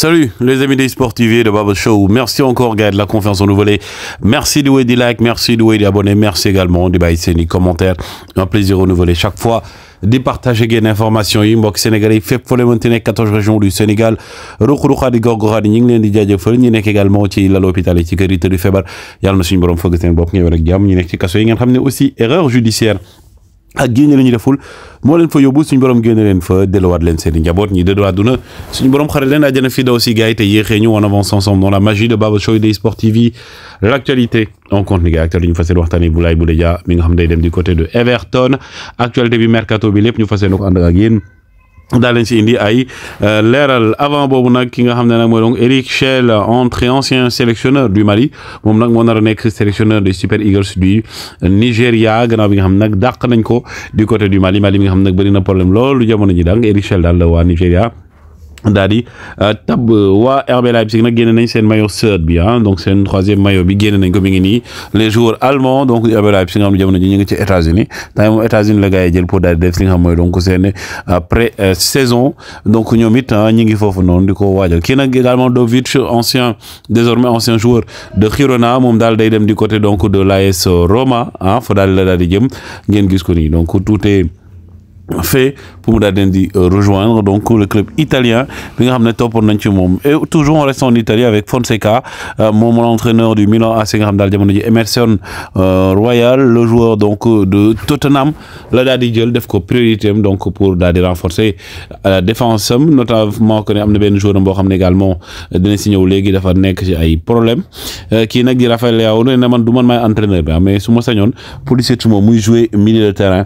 Salut les amis des sportiviers de Baba Show. Merci encore gars, de la confiance renouvelée. Merci de louer des likes, merci de louer des abonnés, merci également de baisser des commentaires. Un plaisir renouvelé chaque fois. de partager génn information yi mbokk Sénégal yi fépp fa la 14 régions du Sénégal ruq-ruqaat yi gox-goxaat yi di ñi également ci l'hôpital hôpital yi ci kër yi tëdd feebar yàlla na suñu borom fëgg seen bopp ngeen wér ak jàmm ñi nekk ci kaso yi aussi erreur judiciaire ak génne la ñu deful mo leen fa yobbu suñu borom génne leen fa delluwaat leen seen i njaboot ñi dëddu àdduna suñu borom xare leen àjjana fii daw si gars yi yéxé ñu won avance ensemble dans la magie de Baba Show des Sport TV l'actualité on compte continue gars actualité ñu waxtani bu lay bu Boudia mi nga xam day dem du côté de Everton actualité bi mercato bi lépp ñu fas yéene ko ànd ak yeen daa leen si indi ay euh, leeral avant boobu nag ki nga xam ne nag donc Eric Chelle ancien sélectionneur du Mali moom nag moo nar a sélectionneur de Super Eagles du Nigeria, gannaaw bi nga xam ne nag nañ ko du côté du Mali Mali bi nga xam ne na problème loolu jamono ji daal Eric Chelle dans la waa Nigeria dadi euh, tab euh, wa RB Leipzig n'a génne nañ sen maillot sud bi hein donc seen troisième maillot bi génne nañ ko mi ngi les joueurs allemands donc RB Leipzig nga xam ne jamono ngi ci États-Unis tamit États-Unis la gaay jël pour dadi def li nga xam mooy donc seen euh, pré saison donc ñoom it ah, ñu ngi fofu non diko ko ki nak également Dovich ancien désormais ancien joueur de Girona mom dal day dem du côté donc de l'AS Roma ah fo dal la daal di jëm ngeen gis ko ni donc tout est fait pour daal leen euh, rejoindre donc le club italien bi nga xam ne ci et toujours on reste en Italie avec Fonseca euh, moom entraîneur du Milan AC nga xam daal Emerson euh, Royal le joueur donc de Tottenham la dadi djel def ko priorité donc pour daal renforcer la défense notamment que amna ben joueur bo xamné également dina signé légui dafa nek ci ay problème qui nak di Rafael Leao né man du man maay entraîneur ah, mais suma ma pour di surtout muy jouer milieu de terrain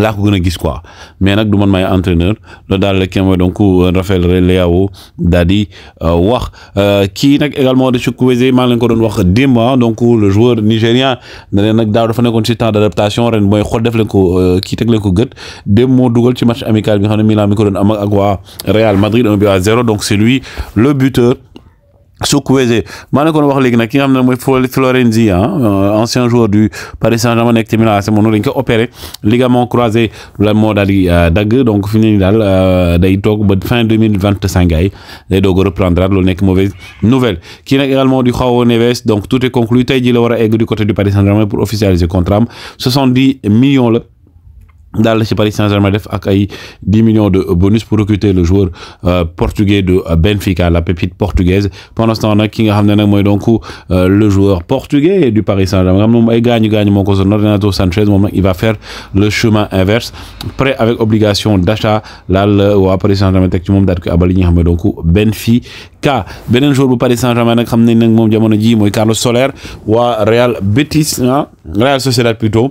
laa ko gëna gis quoi mais nak du man may entraîneur loolu dal le kii mooy donc euh, Raphaël Leao daal di euh, wax euh, kii nak également de Chukwueze maa ngi ko don wax démb ah, donc le joueur nigérien ne nak daaw dafa nekkoon ci temps d'adaptation ren moy xol def leen ko ki tek leen ko gëtt démb moo ci match amical bi xamné Milan mi ko don am ak waa Real Madrid 1 à 0 donc c'est lui le buteur. Soukweze mané kon wax légui nak ki nga xamné moy ah, euh, ancien joueur du Paris Saint-Germain nekk tamit c'est mon dañ opéré ligament croisé la moo dal di euh, donc fini ñu euh, day fin 2025 il est cinq ay day mauvaise nouvelle Qui nag également du João Neves donc tout est conclu tay jii la wara du côté du Paris Saint-Germain pour officialiser contrat 70 millions dans le ci Paris Saint-Germain def ak ay 10 millions de bonus pour recruter le joueur euh, portugais de Benfica la pépite portugaise pendant ce temps on ki nga xamné nak moy donc euh, le joueur portugais du Paris Saint-Germain Il xam moom ay gaañu gaañu Renato Sanchez il va faire le chemin inverse prêt avec obligation d'achat là euh, au Paris Saint-Germain tek ci moom daal ko abali nga xamné donc Benfica benen joueur bu Paris Saint-Germain nak xamné nak nag jamono ji moy Carlos Soler wa Real Betis ah, Real Sociedad plutôt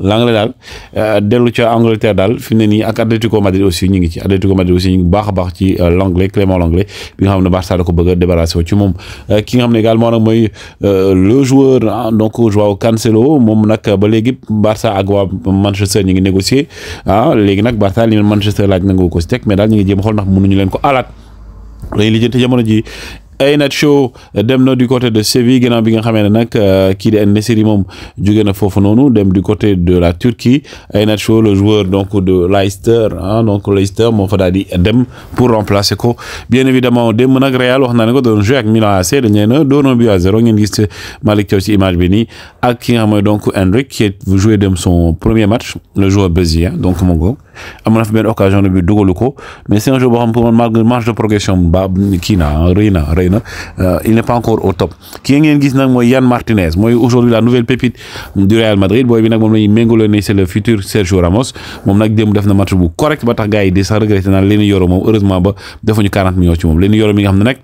l'anglais daal euh, dellu ca Angleterre daal fi mu ne nii ak Atlético Madrid aussi ñu ngi ci Atlético Madrid aussi ñu ngi baax a baax ci euh, l'anglais Clément l'anglais bi nga xam ne Barça da ko bëgg moom euh, également nag mooy le joueur ah, donc Joao Cancelo moom nag ba léegi Barça ak waa Manchester ñu ngi négocier ah léegi nag Barça li Manchester laaj nangu ko si teg mais daal ñu ngi jéem xool ndax mënuñu leen ko alaat lay lijjanti jamono ji Aynacho euh, dem na du côté de Séville gannaaw bi nga xamee nak ki euh, kii di Nesiri mom jóge na fofu noonu dem du côté de la Turquie Aynacho le joueur donc de Leicester hein donc Leicester moo fa daal dem pour remplacer ko bien évidemment dem nak Real wax na nga ko jouer joué ak Milan AC dañ leen do non bi à zéro ngeen gis Malik Thiaw ci image bi nii ak ki nga donc Endrick qui a joué dem son premier match le joueur brésilien donc mon Mongo amoon na fi occasion bi dugalu ko mais c'est un jeu boo xam pour man malgré marge de progression ba kii na rëy na rëy euh, il n'est pas encore au top ki ngeen gis nak moy yan Martinez moy aujourd'hui la nouvelle pépite du Real Madrid boy bi nak mom la ñuy ne c'est le futur Sergio Ramos mom nak dem def na match bu correct ba tax gaay di sax regretté na leni yoro mom heureusement ba defuñu 40 millions ci mom leni yoro mi nga xam nak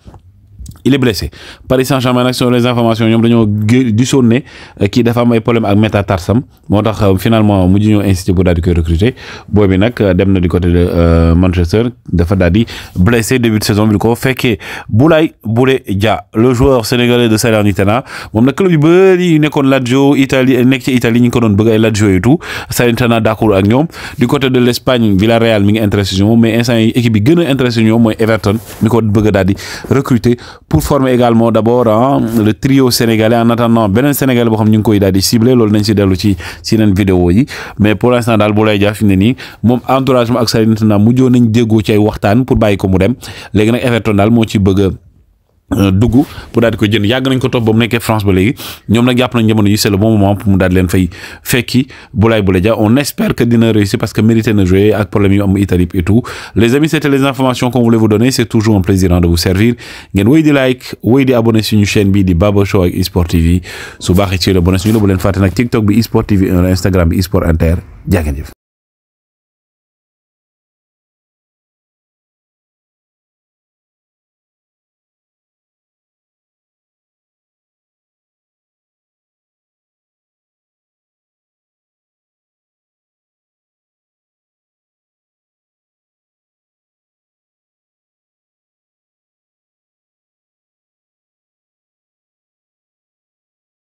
il est blessé Paris Saint-Germain nag les informations ñoom dañoo du ne qui euh, dafa am ay problème ak métatarsam moo euh, finalement mujj ñoo insisté pour daal di recruter booy bi nag euh, dem na du côté de Manchester dafa daal di blessé début de saison bi ko que Boulay Boulay, ya le joueur sénégalais de Salernitana moom nag club yu bëri yu nekkoon Lazio Italie nekk ci Italie ñu ngi ko doon bëgg ay Lazio et tout Salernitana d'accord ak nous. du côté de l'Espagne Villarreal mi ngi intéressé ñoom mais instant qui équipe bi gën intéressé ñoom Everton mi ko bëgg a di recruter pour pour former également d' abord le trio sénégalais en attendant beneen sénégalais boo xam ñu ngi koy daal di ciblé loolu nañ si dellu ci si yeneen vidéo yi mais pour l' instant daal Boulaye Dia fi mu ne nii moom entourage ak Salernitana mujjoon nañ déggoo ci ay waxtaan pour bàyyi ko mu dem léegi nag Everton daal moo ci bëgg Euh, dugg pour daal di ko jënd yàgg nañ ko topp ba mu nekkee France ba léegi ñoom nag jàpp nañ jamono yi c'est le bon moment pour mu daal di leen fay fekki Boulaye Boulaye on espère que dina réussir parce que mérité na jouer ak problème yu am Italie et tout les amis c'était les informations qu'on voulait vous donner c'est toujours un plaisir hein, de vous servir ngeen wéy di like wéy di abonné suñu chaîne bi di Baba Show ak Sport TV su baaxee ci la bonne suñu la bu leen fàtte nag TikTok bi Sport TV et Instagram bi Sport Inter jaa